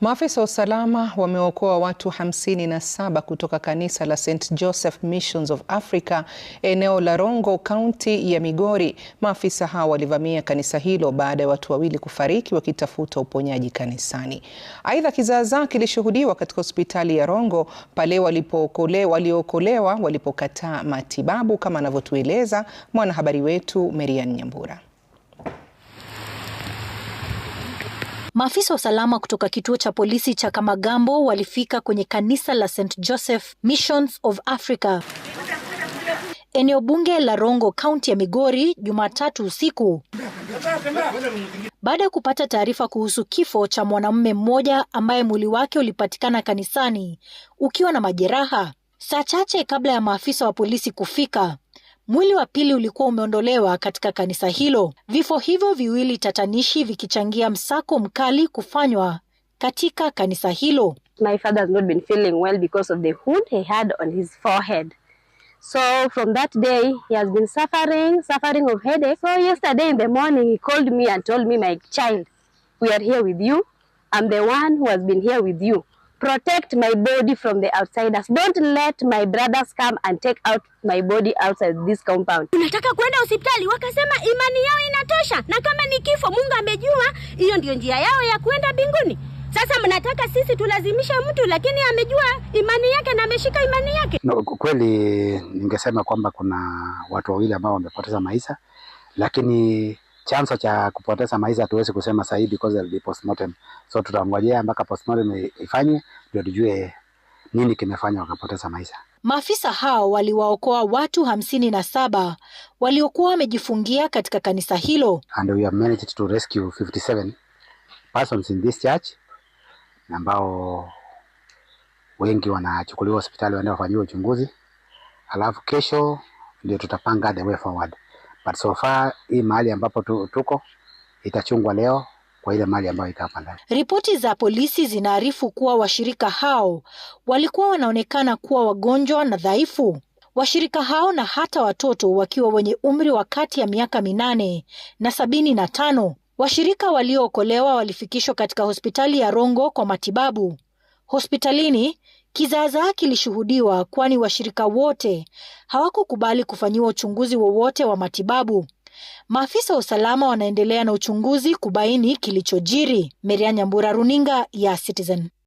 Maafisa wa usalama wameokoa watu 57 kutoka kanisa la St Joseph Missions of Africa eneo la Rongo, kaunti ya Migori. Maafisa hao walivamia kanisa hilo baada ya watu wawili kufariki wakitafuta uponyaji kanisani. Aidha, kizaazaa kilishuhudiwa katika hospitali ya Rongo pale waliookolewa walipokataa matibabu, kama anavyotueleza mwanahabari wetu Marian Nyambura. Maafisa wa usalama kutoka kituo cha polisi cha Kamagambo walifika kwenye kanisa la St Joseph Missions of Africa eneo bunge la Rongo kaunti ya Migori Jumatatu usiku baada ya kupata taarifa kuhusu kifo cha mwanamume mmoja ambaye mwili wake ulipatikana kanisani ukiwa na majeraha saa chache kabla ya maafisa wa polisi kufika. Mwili wa pili ulikuwa umeondolewa katika kanisa hilo, vifo hivyo viwili tatanishi vikichangia msako mkali kufanywa katika kanisa hilo. My father has not been feeling well because of the wound he had on his forehead. So from that day he has been suffering, suffering of headache. So yesterday in the morning he called me and told me, my child, we are here with you. I'm the one who has been here with you protect my body from the outsiders. Don't let my brothers come and take out my body outside this compound. Unataka kwenda hospitali, wakasema imani yao inatosha, na kama ni kifo Mungu amejua hiyo ndio njia yao ya kuenda mbinguni. Sasa mnataka sisi tulazimisha mtu, lakini amejua imani yake na ameshika imani yake. No, kweli ningesema kwamba kuna watu wawili ambao wamepoteza maisha, lakini chanzo cha kupoteza maisha hatuwezi kusema sasa hivi because of the postmortem, so tutangojea mpaka postmortem ifanye ndio tujue nini kimefanya wakapoteza maisha. Maafisa hao waliwaokoa watu hamsini na saba waliokuwa wamejifungia katika kanisa hilo. And we have managed to rescue 57 persons in this church ambao wengi wanachukuliwa hospitali waende wafanyiwe uchunguzi, alafu kesho ndio tutapanga the way forward but so far hii mahali ambapo tu, tuko itachungwa leo kwa ile mali ambayo iko hapa ndani. Ripoti za polisi zinaarifu kuwa washirika hao walikuwa wanaonekana kuwa wagonjwa na dhaifu. Washirika hao na hata watoto wakiwa wenye umri wa kati ya miaka minane na sabini na tano. Washirika waliookolewa walifikishwa katika hospitali ya Rongo kwa matibabu. Hospitalini Kizaazaa kilishuhudiwa kwani washirika wote hawakukubali kufanyiwa uchunguzi wowote wa matibabu. Maafisa wa usalama wanaendelea na uchunguzi kubaini kilichojiri. Meria Nyambura, runinga ya Citizen.